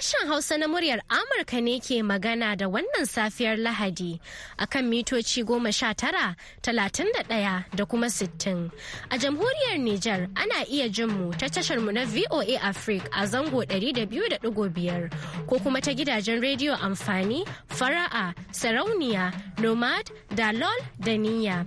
Sashen Hausa na muryar Amurka ne ke magana da wannan safiyar Lahadi a kan mitoci goma sha tara, talatin da ɗaya da kuma sittin. A jamhuriyar Nijar ana iya jin mu ta tashar mu na VOA Africa a zango da da biyu biyar, ko kuma ta gidajen rediyo amfani, fara'a, sarauniya, nomad, dalol da niyya.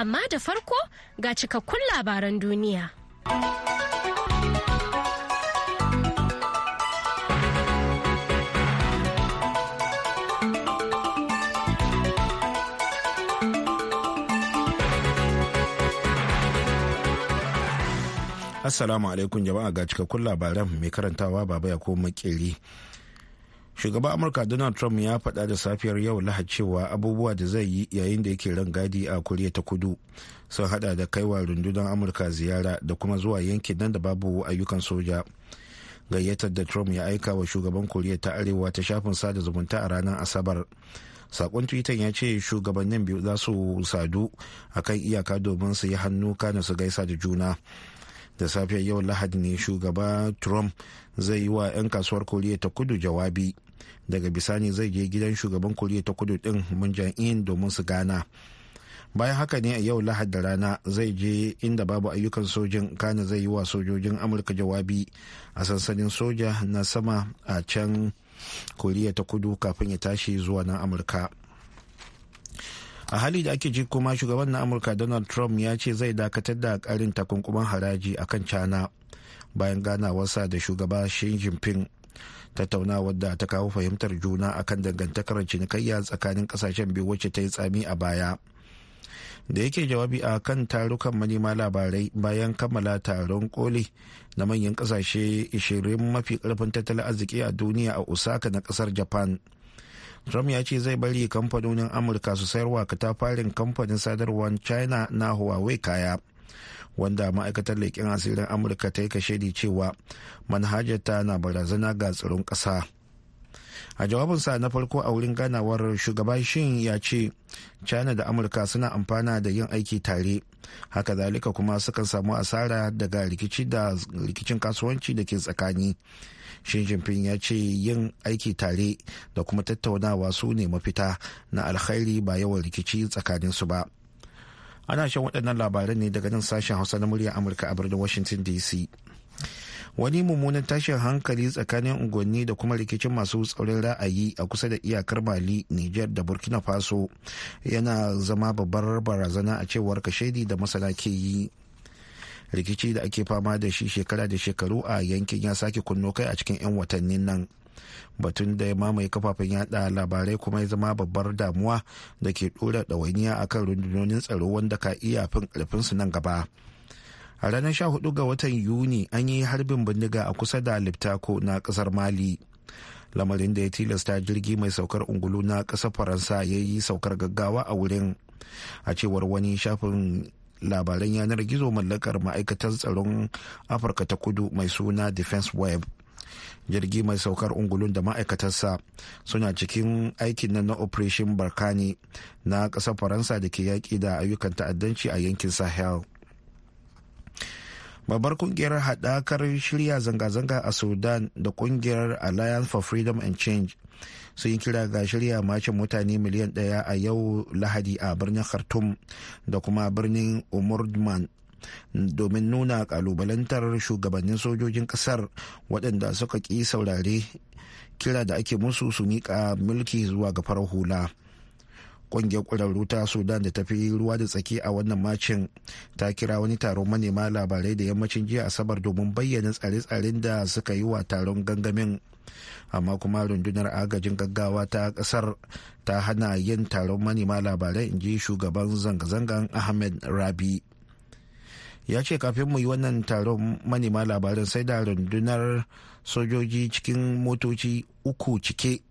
amma da farko ga cikakkun labaran duniya. Assalamu alaikum jama'a ga cikakkun labaran mai karantawa baba ya ko makeri. shugaban amurka donald trump ya faɗa da safiyar yau lahad cewa abubuwa da zai yi yayin da yake ran gadi a koriya ta kudu sun hada da kaiwa rundunar amurka ziyara da kuma zuwa yankin nan da babu ayyukan soja gayyatar da trump ya aika wa shugaban koriya ta arewa ta shafin sada zumunta a ranar asabar sakon twitter ya ce shugabannin biyu za su sadu akan iyaka domin su yi hannu kana su gaisa da juna da safiyar yau lahadi ne shugaba trump zai yi wa 'yan kasuwar koriya ta kudu jawabi daga bisani zai je gidan shugaban koriya ta kudu din mun in domin su gana bayan haka ne a yau lahad da rana zai je inda babu ayyukan sojin kana zai yi wa sojojin amurka jawabi a sansanin soja na sama a can koriya ta kudu kafin ya tashi zuwa nan amurka a hali da ake ji kuma shugaban na amurka donald trump ya ce zai dakatar da karin takunkuman haraji a kan cana bayan ganawarsa da shugaba shi jinping tattaunawar da ta kawo fahimtar juna akan dangantakar cinikayya tsakanin kasashen biyu wacce ta yi tsami a baya da yake jawabi a kan tarukan manema labarai bayan kammala taron koli na manyan kasashe 20 mafi karfin tattalin arziki a duniya a osaka na kasar japan trump ya ce zai bari kamfanonin amurka su sayarwa katafarin kamfanin sadarwar china na huawei kaya wanda ma'aikatar leƙen asirin amurka ta yi kashedi cewa manhajarta na barazana ga tsaron ƙasa a jawabinsa na farko a wurin ganawar shugaban shin ya ce china da amurka suna amfana da yin aiki tare haka zalika kuma sukan samu asara daga rikici da rikicin kasuwanci da ke tsakani shin jinping ya ce yin aiki tare da kuma tattaunawa su ne mafita na alkhairi ba yawan rikici tsakaninsu ba ana shan waɗannan labaran ne daga nan sashen hausa na murya amurka a birnin washington dc wani mummunan tashin hankali tsakanin unguwanni da kuma rikicin masu tsaurin ra'ayi a kusa da iyakar mali niger da burkina faso yana zama babbar barazana a cewar kashedi da masana ke yi rikici da ake fama da shi shekara da shekaru a yankin ya sake kunno kai a cikin 'yan watannin nan batun da ya mamaye kafafen yada labarai kuma ya zama babbar damuwa da ke dora ɗawainiya kan rundunonin tsaro wanda ka iya fin ƙarfinsu nan gaba a ranar 14 ga watan yuni an yi harbin bindiga a kusa da liptako na ƙasar mali lamarin da ya tilasta jirgi mai saukar ungulu na ƙasar faransa ya yi saukar gaggawa a wurin a cewar wani shafin labaran yanar gizo mallakar ma'aikatar tsaron afirka ta kudu mai suna defense web jirgi mai saukar ungulun da ma'aikatarsa suna cikin aikin nan na operation barkani na ƙasar faransa da ke yaƙi da ayyukan ta'addanci a yankin sahel babbar kungiyar haɗakar shirya zanga-zanga a sudan da kungiyar alliance for freedom and change sun yi kira ga shirya macin mutane miliyan ɗaya a yau lahadi a birnin khartoum da kuma birnin umurman domin nuna kalubalantar shugabannin sojojin kasar waɗanda suka ƙi saurare kira da ake musu su miƙa mulki zuwa ga farar hula. ƙungiyar ƙwararru ta sudan da ta fi ruwa da tsaki a wannan macin ta kira wani taron manema labarai da yammacin jiya asabar domin bayyana tsare-tsaren da suka yi wa taron gangamin amma kuma rundunar agajin gaggawa ta kasar ta hana yin taron manema labarai in ji shugaban zanga-zangan ahmed rabi ya ce kafin mu yi wannan taron manema labarin sai da rundunar sojoji cikin motoci uku cike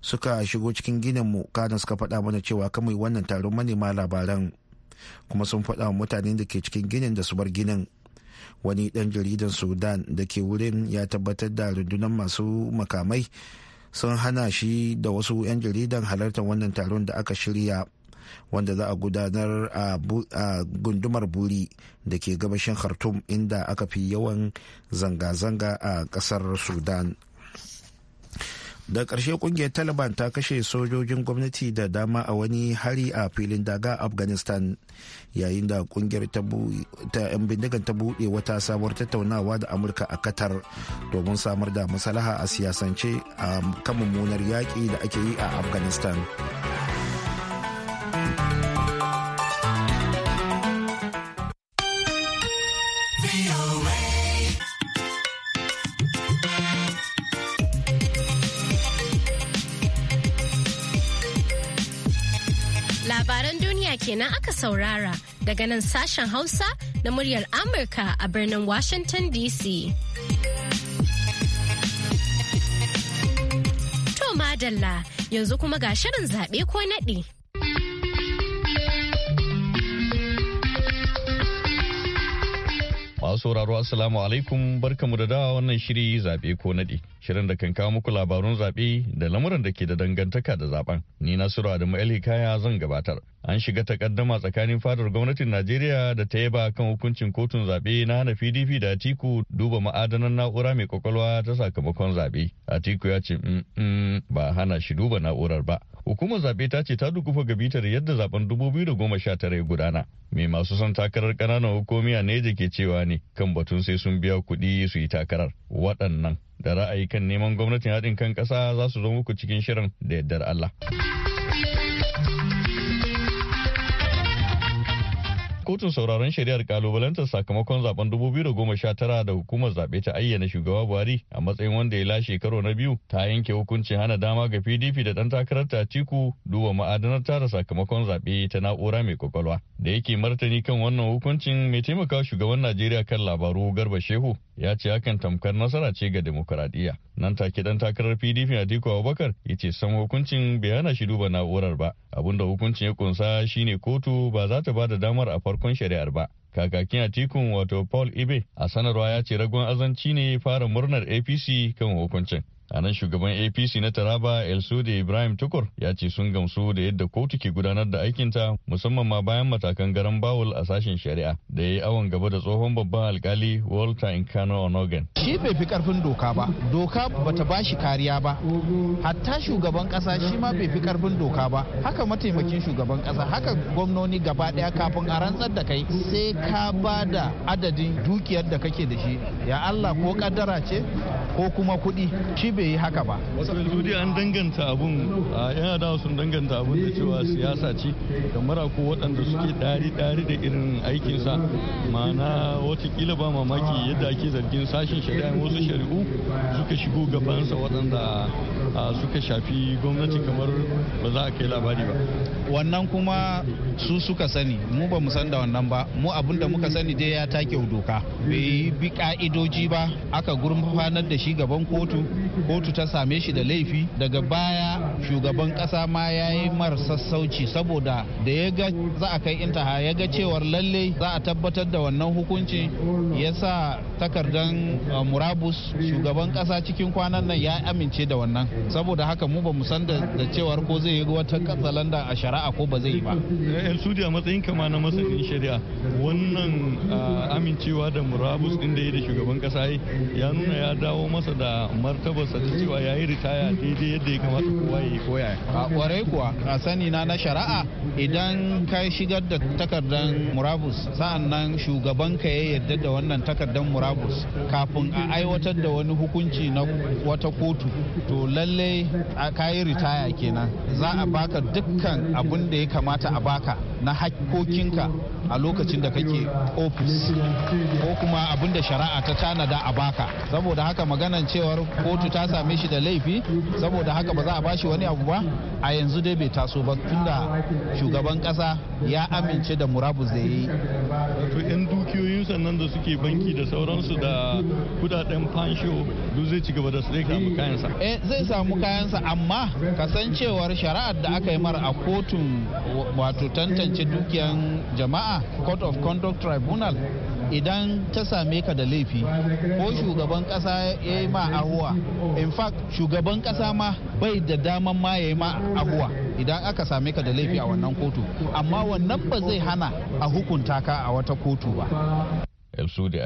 suka shigo cikin ginin mu kana suka faɗa mana cewa ka mu yi wannan taron manema labaran kuma sun faɗa mutane da ke cikin ginin da su bar ginin wani ɗan jaridan sudan da ke wurin ya tabbatar da rundunar masu makamai sun hana shi da wasu 'yan jaridan halartar wannan taron da aka shirya wanda za a gudanar a gundumar buri da ke gabashin khartoum inda aka fi yawan zanga-zanga a kasar sudan da ƙarshe kungiyar taliban ta kashe sojojin gwamnati da dama a wani hari a filin daga afghanistan yayin da kungiyar ta 'yan bindigan ta buɗe wata sabuwar tattaunawa da amurka a qatar domin samar da masalaha a siyasance a kan mummunar yaƙi da ake yi a afghanistan kenan aka saurara daga nan sashen Hausa na muryar Amurka a birnin Washington DC. To madalla yanzu kuma ga shirin zaɓe ko naɗi. Masu sauraro Assalamu alaikum barkamu da dawa wannan shiri zaɓe ko naɗi. shirin da kan kawo muku labarun zaɓe da lamuran da ke da dangantaka da zaben. Ni Nasiru Adamu El kaya zan gabatar. An shiga takaddama tsakanin fadar gwamnatin Najeriya da ta yaba kan hukuncin kotun zaɓe na hana PDP da Atiku duba ma'adanan na'ura mai kwakwalwa ta sakamakon zaɓe. Atiku ya ce mm, mm, ba hana shi duba na'urar ba. Hukumar zaɓe ta ce ta dukufa ga bitar yadda zaben 2019 ya gudana. Mai masu son takarar ƙananan hukumi a Neja ke cewa ne kan batun sai sun biya kuɗi su yi takarar. Waɗannan da ra'ayi kan neman gwamnatin haɗin kan ƙasa za su zo muku cikin shirin da yardar Allah. Kotun sauraron shari'ar kalubalantar sakamakon zaben 2019 da hukumar zaɓe ta ayyana shugaba Buhari a matsayin wanda ya la shekaru na biyu ta yanke hukuncin hana dama ga PDP da ɗan takarar Tiku duba ma'adanar tara sakamakon zaɓe ta na'ura mai kwakwalwa. Da yake martani kan wannan hukuncin mai taimaka shugaban Najeriya kan labaru Garba Shehu ya ce hakan tamkar nasara ce ga demokuraɗiyya nan take dan takarar pdp a atiku abubakar ya ce san hukuncin bai hana shi duba na'urar ba abinda hukuncin ya kunsa shine kotu ba za ta ba da damar a farkon shari'ar ba kakakin a tikun wato paul ibe a sanarwa ya ce ragon azanci ne fara murnar apc kan hukuncin a nan shugaban apc na taraba elsude ibrahim tukur ya ce sun gamsu da yadda kotu ke gudanar da aikinta musamman ma bayan matakan garan bawul a sashen shari'a da ya yi awon gaba da tsohon babban alkali walter nkano onogan shi bai fi karfin doka ba doka bata ba shi kariya ba hatta shugaban kasa shi ma bai fi karfin doka ba haka mataimakin shugaban kasa haka gwamnoni gaba daya kafin a rantsar da kai sai ka ba da adadin dukiyar da kake da shi ya allah ko kaddara ce ko kuma kuɗi bai yi haka ba wasu an danganta abun yana da sun danganta abun da cewa siyasa ce da mara ko waɗanda suke ɗari-ɗari da irin aikinsa ma'ana watakila ba mamaki yadda ake zargin sashen shari'a wasu shari'u suka shigo gabansa waɗanda suka shafi gwamnati kamar ba za a kai labari ba wannan kuma su suka sani mu ba mu san da wannan ba mu abun da muka sani dai ya take doka bai bi ka'idoji ba aka gurfanar da shi gaban kotu kotu ta same shi da laifi daga baya shugaban kasa ma ya yi mar sassauci saboda da ya ga za a kai intaha ya ga cewar lalle za a tabbatar da wannan hukunci ya sa takardar uh, murabus shugaban kasa cikin kwanan nan ya amince da wannan saboda haka mu ba mu san da cewar ko zai yi wata katsalanda a shari'a ko ba zai yi ba eh, su matsayin kama na masanin shari'a wannan uh, amincewa da murabus din da ya da shugaban kasa ya nuna ya dawo masa da martabar tabbata cewa ya yi ritaya daidai yadda ya kamata kowa ya yi koya a kwarai kuwa a sani na na shari'a idan ka shigar da takardar murabus sa'annan shugaban ka ya yarda da wannan takardar murabus kafin a aiwatar da wani hukunci na wata kotu to lalle ka yi ritaya kenan za a baka dukkan abin da ya kamata a baka na hakkokinka a lokacin da kake ofis ko kuma abin da shari'a ta tanada a baka saboda haka maganan cewar kotu ta same shi da laifi saboda haka ba za a bashi wani abu ba a yanzu dai bai taso ba tunda shugaban kasa ya amince da murabus da yi to yan dukiyoyin sannan da suke banki da sauransu da kudaden fansho duk zai ci gaba da su zai samu kayansa eh zai samu kayansa amma kasancewar shari'ar da aka yi mara a kotun wato tantance dukiyan jama'a court of conduct tribunal idan ta same ka da laifi ko shugaban kasa ya yi ma ahuwa in fact shugaban kasa ma bai da daman ma ya yi ma ahuwa idan aka same ka da laifi a wannan kotu amma wannan ba zai hana a hukunta ka a wata kotu ba. Yabsu da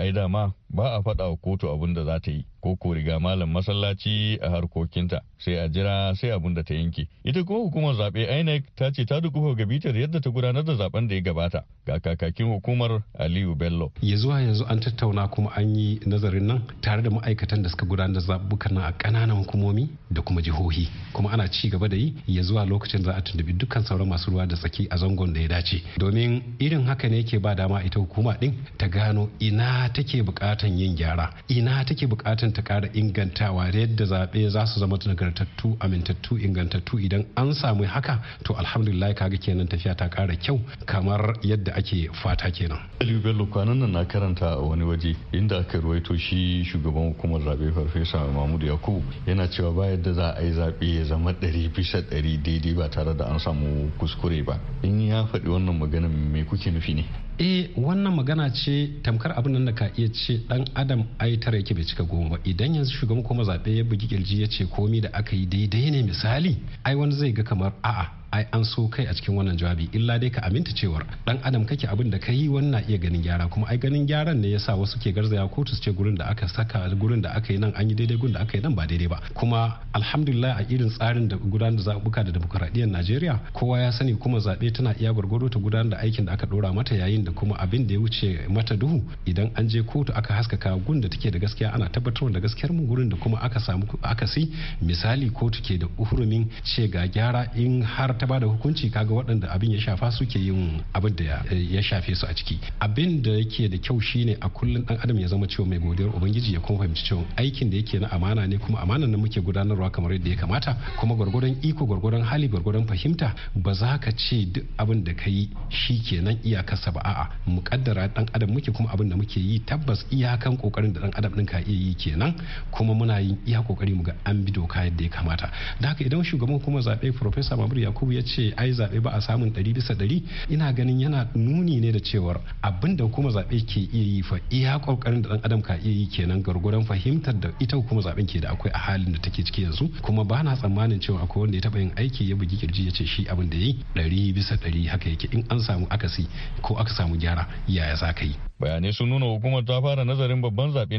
ba a faɗa wa kotu abin da za ta yi ko ko riga malam masallaci a harkokinta sai a jira sai abin da ta yanke ita kuma hukumar zaɓe inec ta ce ta dukufa ga bitar yadda ta gudanar da zaben da ya gabata ga kakakin hukumar aliyu bello ya zuwa yanzu an tattauna kuma an yi nazarin nan tare da ma'aikatan da suka gudanar da zabukan nan a ƙananan hukumomi da kuma jihohi kuma ana ci gaba da yi ya zuwa lokacin za a tuntubi dukkan sauran masu ruwa da tsaki a zangon da ya dace domin irin haka ne yake ba dama ita hukuma ɗin ta gano ina take buƙatar bukatan yin gyara ina take bukatan ta kara ingantawa yadda zaɓe za su zama nagartattu amintattu ingantattu idan an samu haka to alhamdulillah kaga kenan tafiya ta kara kyau kamar yadda ake fata kenan. Aliyu Bello kwanan nan na karanta a wani waje inda aka ruwaito shi shugaban hukumar zaɓe farfesa Mahmud Yakubu yana cewa ba yadda za a yi zaɓe ya zama ɗari bisa ɗari daidai ba tare da an samu kuskure ba. In ya faɗi wannan maganin me kuke nufi ne? eh wannan magana ce tamkar abin nan da ka iya ce dan adam ai tara yake bai cika goma idan yanzu shugaban kuma zaɓe ya bugi kirji ya ce komi da aka yi daidai ne misali ai wani zai ga kamar a'a ai an so kai a cikin wannan jawabi illa dai ka aminta cewar dan adam kake abin da ka yi wannan na iya ganin gyara kuma ai ganin gyaran ne yasa wasu ke garzaya kotu su ce gurin da aka saka gurin da aka yi nan an yi daidai gurin da aka yi nan ba daidai ba kuma alhamdulillah a irin tsarin da gudanar da zabuka da demokuraɗiyyar Najeriya kowa ya sani kuma zaɓe tana iya gwargwado ta gudanar da aikin da aka ɗora mata yayin da kuma abin da ya wuce mata duhu idan an je kotu aka haskaka gun da take da gaskiya ana tabbatar da gaskiyar mu gurin da kuma aka samu si misali kotu ke da uhurumin ce ga gyara in har ta bada hukunci kaga waɗanda abin ya shafa suke yin abin da ya shafe su a ciki abin da yake da kyau shine a kullum dan adam ya zama cewa mai godiyar ubangiji ya kuma fahimci cewa aikin da yake na amana ne kuma amana nan muke gudanarwa kamar yadda ya kamata kuma gwargwadon iko gwargwadon hali gwargwadon fahimta ba za ka ce duk abin da ka yi shi kenan iyakarsa ba a'a mukaddara dan adam muke kuma abin da muke yi tabbas iyakan kokarin da dan adam din ka iya yi kenan kuma muna yin iya kokari mu ga an bi doka yadda ya kamata da haka idan shugaban hukumar zabe professor Mamuru Yakubu Shehu ya ce ai zaɓe ba a samun ɗari bisa ɗari ina ganin yana nuni ne da cewar abin da hukumar zaɓe ke iya yi fa iya ƙoƙarin da ɗan adam ka iya yi kenan garguran fahimtar da ita hukumar zaɓen ke da akwai a halin da take ciki yanzu kuma ba na tsammanin cewa akwai wanda ya taɓa yin aiki ya bugi kirji ya ce shi abin da ya yi ɗari bisa ɗari haka yake in an samu akasi ko aka samu gyara yaya za ka yi. bayanai sun nuna hukumar ta fara nazarin babban zaɓe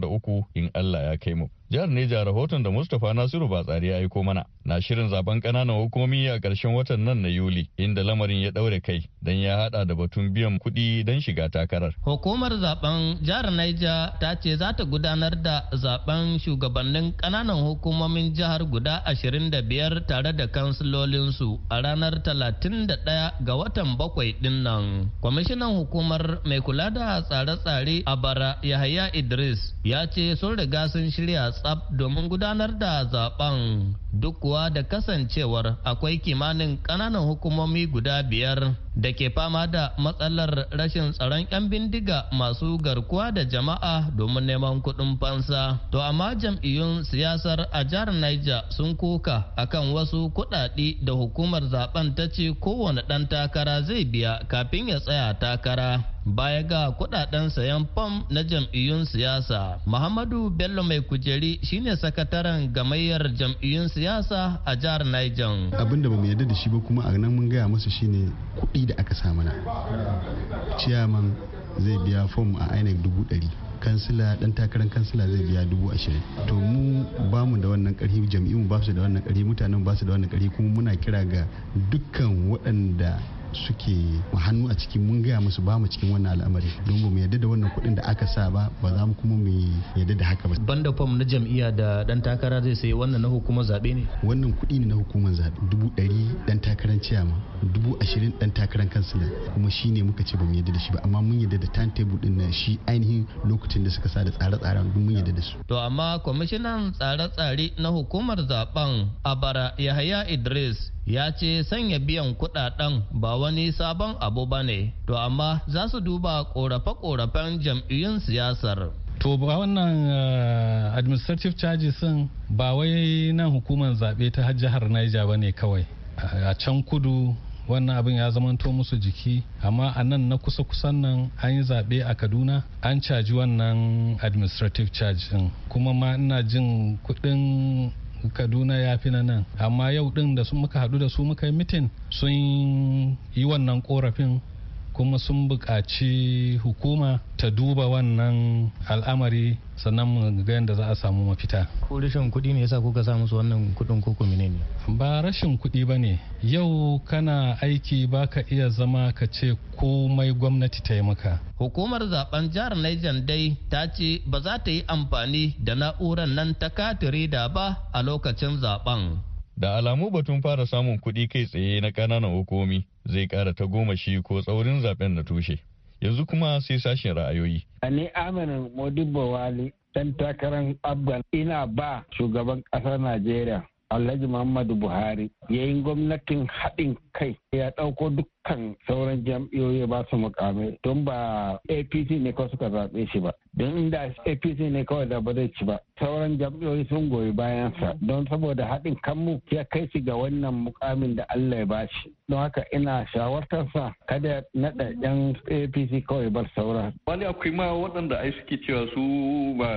na uku in Allah ya kai mu. jihar Neja rahoton da Mustapha Nasiru Batsari ya aiko mana na shirin zaben ƙananan hukumomi a ƙarshen watan nan na Yuli inda lamarin ya ɗaure kai don ya haɗa da batun biyan kuɗi don shiga takarar. Hukumar zaben jihar Neja ta ce za ta gudanar da zaben shugabannin ƙananan hukumomin jihar guda ashirin 25 tare da kansilolinsu a ranar talatin 31 ga watan bakwai ɗin nan. Kwamishinan hukumar mai kula da tsare-tsare a bara Yahaya Idris ya ce sun riga sun shirya tsab domin gudanar da zaben duk kuwa da kasancewar akwai kimanin ƙananan hukumomi guda biyar da ke fama da matsalar rashin tsaron 'yan bindiga masu garkuwa da jama'a domin neman kuɗin fansa. To amma jam'iyyun siyasar a jihar Niger sun kuka akan wasu kuɗaɗe da hukumar zaben ta ce kowane ɗan takara zai biya kafin ya tsaya takara. baya ga kudaden sayan fam na jam'iyyun siyasa muhammadu bello mai kujeri shine sakataren gamayyar jam'iyyun siyasa a jihar niger abinda ba mu yarda da shi ba kuma a nan mun gaya masa shine kuɗi da aka sa mana ciyaman zai biya fom a inec dubu ɗari kansila dan takarar kansila zai biya dubu ashirin to mu ba mu da wannan karfi jam'iyyun ba su da wannan karfi mutanen ba su da wannan karfi kuma muna kira ga dukkan waɗanda suke hannu a cikin mun gaya musu ba mu cikin wannan al'amari don ba mu yadda da wannan kuɗin da aka sa ba ba za mu kuma mu yadda da haka ba. Banda fam na jam'iyya da dan takara zai sayi wannan na hukumar zaɓe ne? Wannan kuɗi ne na hukumar zaɓe dubu ɗari dan takarar ciyama dubu ashirin dan takarar kansila kuma shi ne muka ce ba mu yadda da shi ba amma mun yadda da timetable ɗin na shi ainihin lokacin da suka sa da tsare-tsaren duk mun yadda da su. To amma kwamishinan tsare-tsare na hukumar zaben a bara Yahaya Idris ya ce sanya biyan kuɗaɗen ba wani sabon abu ba ne, to amma za su duba korafe-korafen jam'iyyun siyasar. To ba wannan eh, administrative charges sun ba wai nan hukumar zaɓe ta jihar Niger ba ne kawai. A can kudu wannan abin ya zamanto musu jiki amma a nan na kusa-kusan nan an yi zaɓe a kaduna an caji wannan administrative charge kuma ma ina jin kuɗin kaduna ya fi na nan amma yau din da muka haɗu da su muka yi mitin sun yi wannan korafin kuma sun buƙaci hukuma ta duba wannan al'amari sannan mu ga yadda za a samu mafita. Ko rashin kuɗi ne yasa kuka sa musu wannan kuɗin ko koko ne? Ba rashin kuɗi ba ne. Yau kana aiki baka iya zama ka ce komai gwamnati ta yi maka. Hukumar zaben jihar Niger dai ta ce ba za ta yi amfani da na'urar nan ta katire da ba a lokacin zaben. Da alamu batun fara samun kuɗi kai tsaye na ƙananan hukumomi zai ƙara ta goma shi ko tsaurin zaben na tushe. Yanzu kuma sai sashen ra'ayoyi. Ani Aminu modi Wali dan takarar Afghan ina ba shugaban ƙasar Najeriya Alhaji Muhammadu Buhari yayin gwamnatin haɗin kai ya ɗauko duk kan sauran jam'iyoyi ba su mukamai don ba apc ne kawai suka zaɓe shi ba don inda apc ne kawai da ba zai ci ba sauran jam'iyoyi sun goyi bayansa don saboda haɗin kanmu ya kai shi ga wannan mukamin da allah ya bashi don haka ina shawartarsa kada ya naɗa yan apc kawai bar saura. wani akwai ma waɗanda ai suke cewa su ba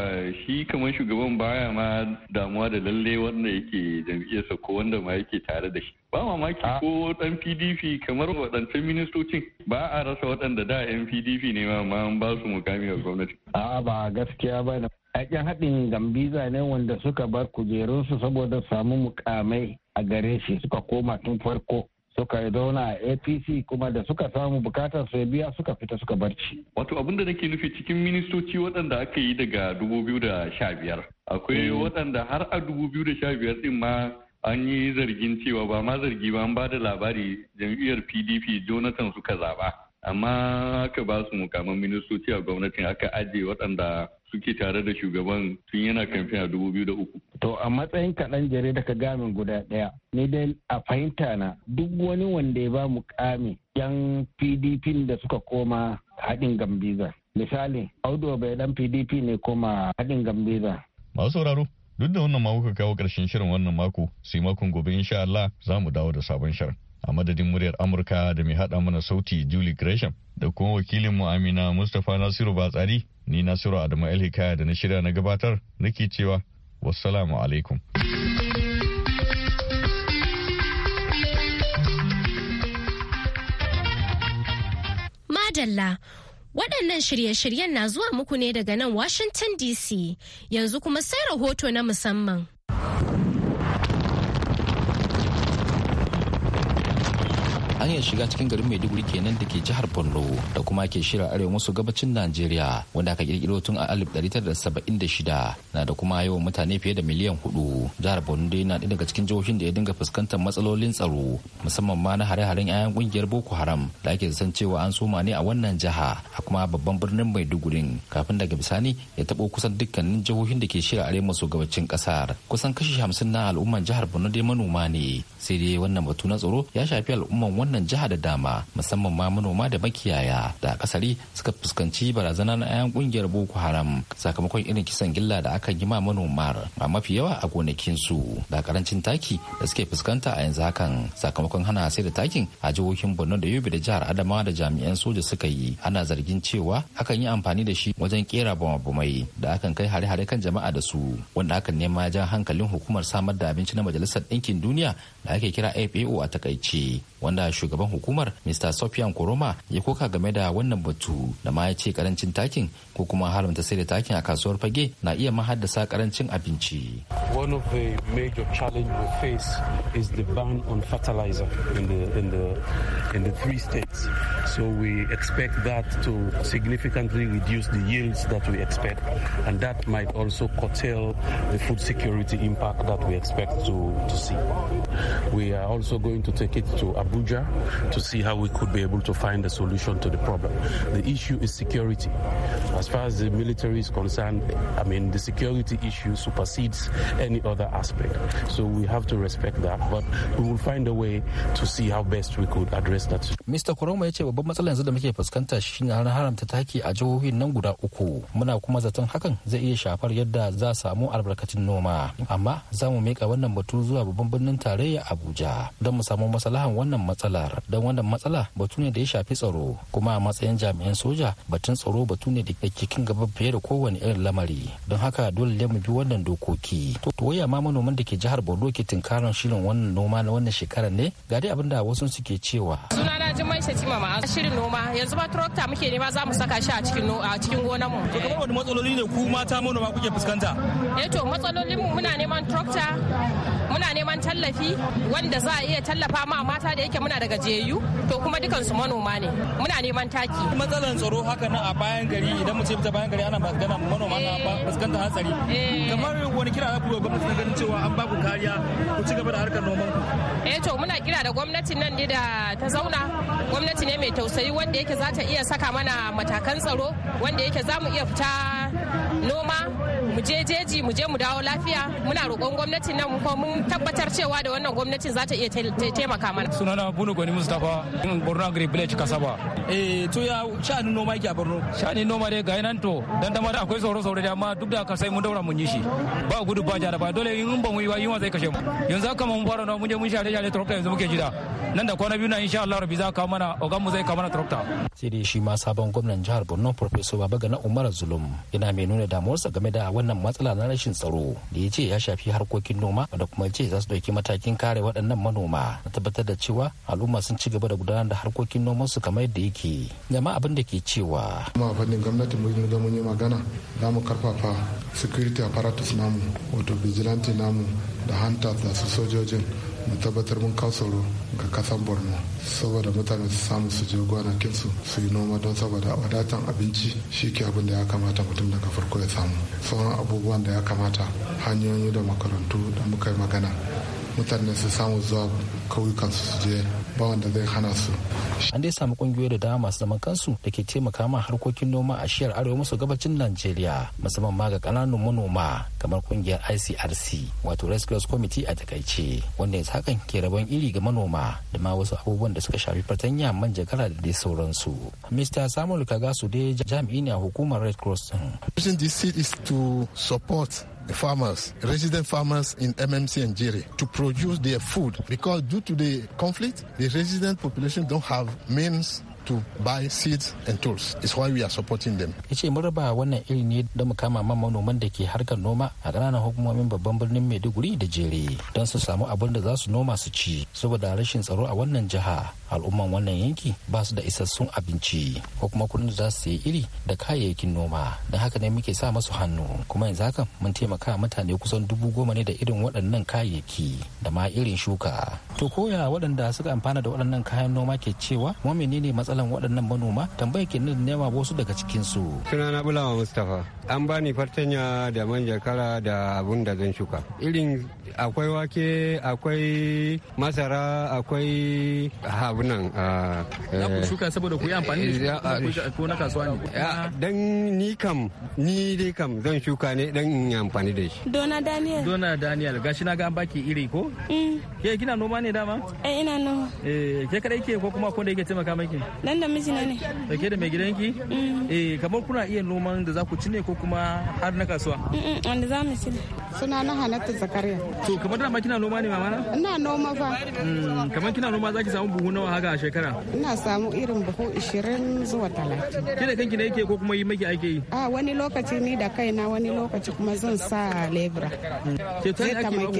shi kamar shugaban baya ma damuwa da lalle wanda yake jam'iyyarsa ko wanda ma yake tare da shi ba mamaki ah. ko dan pdp kamar waɗancan ministocin ba a rasa waɗanda da yan pdp ne ma ma ba su mukami a gwamnati a'a ba gaskiya ba ne yakin haɗin gambiza ne wanda suka bar kujerunsu saboda samu mukamai a gare shi suka koma tun farko suka zauna a apc kuma da suka samu bukatar su biya suka fita suka barci wato abinda nake nufi cikin ministoci waɗanda aka yi daga 2015 akwai eh. waɗanda har a 2015 din ma an yi zargin cewa ba ma zargi ba an ba da labari jam'iyyar pdp jonathan suka zaba amma aka ba su mukamin ministoci a gwamnatin aka ajiye waɗanda suke tare da shugaban tun yana kamfen a dubu biyu da uku. To a matsayin kaɗan jere daga gamin guda ɗaya, ni dai a fahimta na duk wani wanda ya ba mukami yan PDP da suka koma haɗin gambiza. Misali, Audu bai dan PDP ne koma haɗin gambiza. Masu sauraro, Duk da wannan mako ka kawo ƙarshen shirin wannan mako sai makon gobe insha Allah za mu dawo da sabon shirin. A madadin muryar Amurka da mai haɗa mana sauti Julie Gresham da kuma wakilinmu Amina Mustapha Nasiru Batsari ni Nasiru Adamu hikaya da na shirya na gabatar nake cewa wassalamu alaikum. Madalla Waɗannan shirye-shiryen na zuwa muku ne daga nan Washington DC yanzu kuma sai rahoto na musamman. yi shiga cikin garin maiduguri kenan da ke jihar borno da kuma ke shirin arewa maso gabacin najeriya wanda aka kirkiro tun a 1976 na da kuma yawan mutane fiye da miliyan hudu jihar borno dai na daga cikin jihohin da ya dinga fuskantar matsalolin tsaro musamman ma na hare-haren 'ya'yan kungiyar boko haram da ake san cewa an soma ne a wannan jiha a kuma babban birnin maidugurin kafin daga bisani ya tabo kusan dukkanin jihohin da ke shirin arewa maso gabacin ƙasar kusan kashi hamsin na al'umman jihar borno dai manoma ne sai dai wannan batu na tsaro ya shafi al'umman wannan wannan jiha da dama musamman ma manoma da makiyaya da akasari suka fuskanci barazana na 'yan kungiyar boko haram sakamakon irin kisan gilla da aka yi ma manomar a mafi yawa a gonakinsu da karancin taki da suke fuskanta a yanzu hakan sakamakon hana sai da takin a jihohin borno da yobe da jihar adamawa da jami'an soja suka yi ana zargin cewa akan yi amfani da shi wajen kera bama-bamai da akan kai hare-hare kan jama'a da su wanda akan nema ya ja hankalin hukumar samar da abinci na majalisar ɗinkin duniya da ake kira APO a takaice wanda shugaban hukumar Mr. Sofian Koroma ya koka game da wannan batu da ma ya ce karancin takin ko kuma haramta sai da takin a kasuwar fage na iya mahaddasa karancin abinci. One of the major challenge we face is the ban on fertilizer in the in the in the three states. So we expect that to significantly reduce the yields that we expect and that might also curtail the food security impact that we expect to, to see. We are also going to take it to Abuja to see how we could be able to find a solution to the problem. The issue is security. As far as the military is concerned, I mean, the security issue supersedes any other aspect. So we have to respect that, but we will find a way to see how best we could address that. Mr. Koroma ya ce babban matsalar yanzu da muke fuskanta shine an haramta taki a jihohin nan guda uku. Muna kuma zaton hakan zai iya shafar yadda za samu albarkatun noma. Amma za mu mika wannan batu zuwa babban birnin tarayya abuja don mu samu masalahan wannan matsalar don wannan matsala batu ne da ya shafi tsaro kuma a matsayin jami'an soja batun tsaro batu ne da ke cikin gaba fiye da kowane irin lamari don haka dole ne mu bi wannan dokoki to waya ma manoman da ke jihar borno ke tunkaran shirin wannan noma na wannan shekarar ne ga dai abin da wasu suke cewa suna sunana jimai shatima ma shirin noma yanzu ma trokta muke nema za mu saka shi a cikin a cikin gonar mu to kamar wani matsaloli ne ku mata manoma kuke fuskanta eh to matsalolin mu muna neman trokta muna neman tallafi wanda za a iya tallafa ma mata da yake muna da jeyu to kuma su manoma ne muna neman taki matsalan tsaro haka nan a bayan gari idan mutum ta bayan gari ana magana manoma na ba eh. fuskantar hatsari eh. kamar wani kira za ku gwamnati na ganin cewa an ba ku kariya ku ci gaba da harkar noman eh to muna kira da gwamnatin nan da ta zauna gwamnati ne mai tausayi wanda yake za ta iya saka mana matakan tsaro wanda yake za mu iya fita noma mu je jeji mu je mu dawo lafiya muna roƙon gwamnatin nan ko mun tabbatar cewa da wannan gwamnatin za ta iya taimaka mana sunana bunu gwani mustapha borno agri village kasaba eh to ya sha'anin noma yake a borno Shani noma dai ga nan to dan da mara akwai tsoro tsoro da amma duk da haka sai mun daura mun yi shi ba gudu ba jara ba dole in ba mu yi ba yunwa zai kashe mu yanzu haka mun fara mun je mun share share tractor yanzu muke jira nan da kwana biyu na insha Allah rabi za ka mana ogan mu zai ka mana tractor sai dai shi ma sabon gwamnatin jihar Borno Professor Babagana Umar Zulum yana mai nuna damuwarsa game da wannan matsala na rashin tsaro da ya ce ya shafi harkokin noma da kuma ce za su ɗauki matakin kare waɗannan manoma na tabbatar da cewa al'umma sun ci gaba da gudanar da harkokin noman su kamar yadda yake jama'a abin da ke cewa kuma fannin gwamnati mun riga mun yi magana za mu karfafa security apparatus namu wato vigilante namu da hantar da su sojojin mu tabbatar mun kawo tsaro ga kasan borno saboda mutane su samu su je gonakinsu su yi noma don saboda wadatan abinci shi ke abin da ya kamata mutum daga farko ya samu sauran abubuwan da ya kamata hanyoyi da makarantu da muka yi magana mutane su samu zuwa kauyukansu su je ba wanda zai hana su an dai samu kungiyoyi da dama masu zaman kansu da ke taimaka ma harkokin noma a shiyar arewa maso gabacin najeriya musamman ma ga kananan manoma kamar kungiyar icrc wato rescuers committee a takaice wanda yanzu hakan ke rabon iri ga manoma da ma wasu abubuwan da suka shafi fatanya manjagara da dai sauransu mr samuel kagasu dai jami'i ne a hukumar red cross din the seed is to support farmers, resident farmers in MMC and Jiri to produce their food because due to the conflict, the resident population don't have means to buy seeds and tools. is why we are supporting them. Ya ce mun wannan iri ne da mu kama man manoman da ke harkar noma a ƙananan hukumomin babban birnin Maiduguri da Jere don su samu abin da za su noma su ci saboda rashin tsaro a wannan jiha al'umman wannan yanki ba su da isassun abinci ko kuma kuɗin da za su sayi iri da kayayyakin noma don haka ne muke sa masu hannu kuma yanzu haka mun taimaka mutane kusan dubu goma ne da irin waɗannan kayayyaki da ma irin shuka to koya waɗanda suka amfana da waɗannan kayan noma ke cewa mu menene matsalar matsalan waɗannan manoma tambaya ke nan nema wasu daga cikinsu. Sunana Bulawa Mustapha. An bani fartanya da manjakara da abun da zan shuka. Irin akwai wake, akwai masara, akwai habunan a ah, eh. ku shuka saboda ku yi amfani da eh, ah, ko na kasuwa ne? Ah, dan ni kam, ni dai kam zan shuka ne dan in yi amfani da shi. Dona Daniel. Dona Daniel, gashi na ga an baki iri ko? Mm. Ke kina noma ne dama? Eh ina noma. Eh ke kadai ke ko kuma ko da yake taimaka maki? nan da mijina ne kake da mai gidanki mm. eh kamar kuna iya noman da za ku ci ne ko kuma har na kasuwa wanda za mu ci suna na hanatta zakariya to kamar da ma kina noma ne mama na ina noma fa mm, kamar kina noma zaki samu buhu nawa haka a shekara ina samu irin buhu 20 zuwa 30 kina kanki ne yake ko kuma yi miki ake yi a ah, wani lokaci ni da kaina wani lokaci kuma zan sa lebra mm. kyauta ake ba ku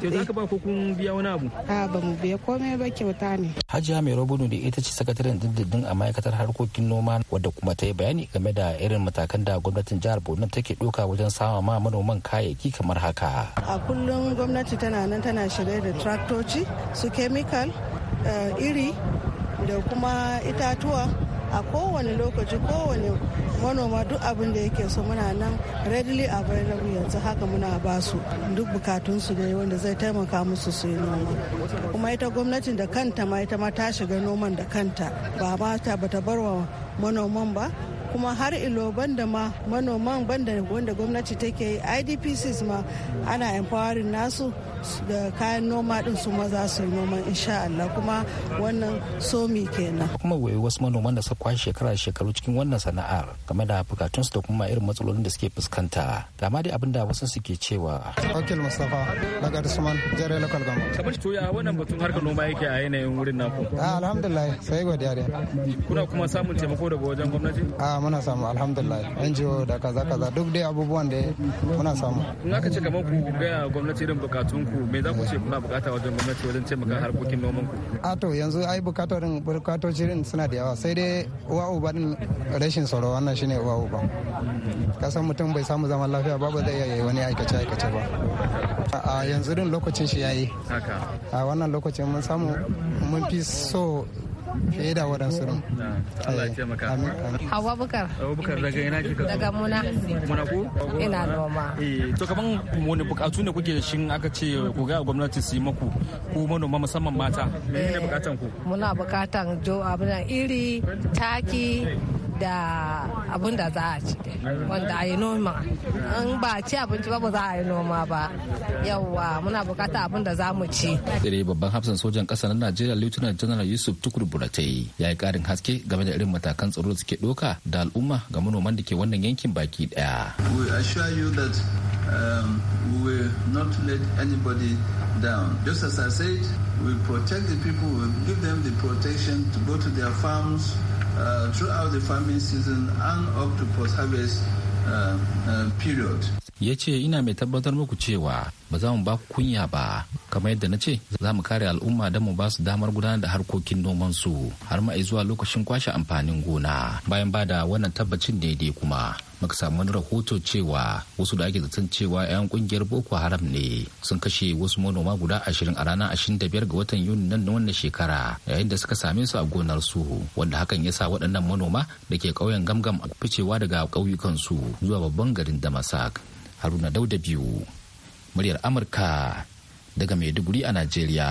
kyauta eh. ka ba ku kun biya wani abu a ah, ba mu biya komai ba kyauta ne hajiya mai robodo da ita ce sakataren dindindin a ma'aikatar harkokin noma wadda kuma ta yi bayani game da irin matakan da gwamnatin jihar borno take ɗauka wajen sama ma manoman kayayyaki kamar haka a kullum gwamnati tana nan tana shirye da traktoci su kemikal eh, iri da kuma itatuwa a kowane lokaci kowane manoma duk abin da yake so muna nan readily available yanzu haka muna ba su duk bukatunsu ne wanda zai taimaka musu su yi noma kuma ita gwamnatin da kanta ma ita ma ta shiga noman da kanta ba ma ta bata bar wa manoman ba kuma har ilo banda ma manoman banda wanda gwamnati take yi idpcs ma ana empowering nasu da kayan noma din su maza su yi noman insha Allah kuma wannan somi kenan. Kuma wai wasu manoman da suka kwashe shekara shekaru cikin wannan sana'ar game da bukatunsu da kuma irin matsalolin da suke fuskanta. Da ma dai abin da wasu suke cewa. Wakil mustafa daga Usman Jare local government kamar to ya wannan batun harkar noma yake a yanayin wurin naku. Ah alhamdulillah sai godiya da. Kuna kuma samun taimako daga wajen gwamnati? Ah muna samu alhamdulillah. NGO da kaza kaza duk dai abubuwan da muna samu. In aka ce kamar ku ga gwamnati irin bukatun ku me za ku ce kuna bukata wajen gwamnati wajen taimaka harkokin noman ku a to yanzu ai bukatorin bukatoci suna da yawa sai dai uwa uba din rashin tsaro wannan shine uwa uba kasan mutum bai samu zaman lafiya ba ba zai iya wani aikace aikace ba a yanzu din lokacin shi yayi a wannan lokacin mun samu mun fi so fiye da waɗansu ran. Allah ya taimaka. Hawa Bukar. Hawa Bukar daga ina kika zo? Daga Muna. Muna ku Ina noma. Eh, to kaman wani bukatu ne kuke shin aka ce ku ga gwamnati su yi maku ku manoma musamman mata. Me ne eh, bukatan ku? Muna bukatan jo abin iri taki da abin da za a ci wanda a yi noma in ba ci abinci ba ba za a yi noma ba yawwa muna bukata abin da za mu ci tsire babban hafsan sojan ƙasa na najeriya lieutenant general yusuf tukur buratai ya yi ƙarin haske game da irin matakan tsaro da suke ɗauka da al'umma ga manoman da ke wannan yankin baki ɗaya. we assure you that um, we will not let anybody down just as i said we protect the people we give them the protection to go to their farms Uh, throughout the farming season and up to post-harvest uh, uh, period. ya ce ina mai tabbatar muku cewa ba za mu ba kunya ba kamar yadda na ce za mu kare al'umma don mu ba su damar gudanar da harkokin nomansu har ma zuwa lokacin kwashe amfanin gona bayan ba da wannan tabbacin daidai kuma muka samu wani rahoto cewa wasu da ake zaton cewa 'yan kungiyar boko haram ne sun kashe wasu manoma guda ashirin a ranar ashirin da biyar ga watan yuni nan na wannan shekara yayin da suka same su a gonar su wanda hakan ya sa waɗannan manoma da ke ƙauyen gamgam a ficewa daga ƙauyukan zuwa babban garin damasak haruna dauda biyu muryar amurka daga maiduguri a najeriya.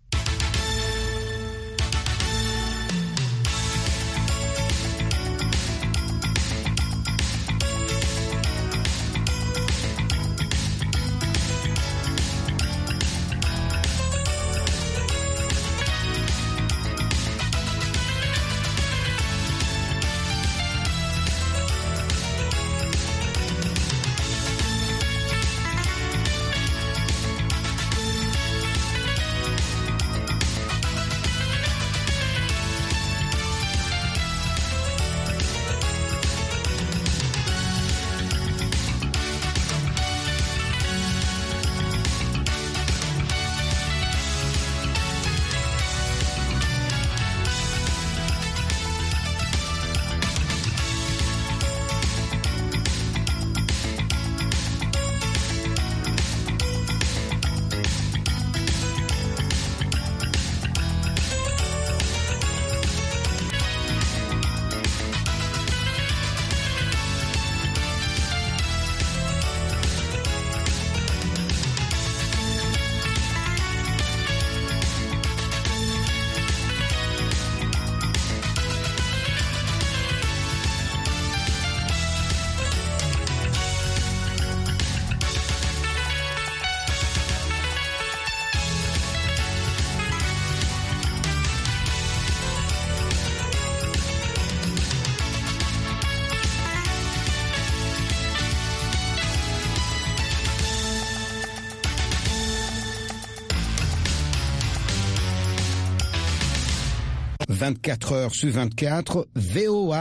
24 heures sur 24, VOA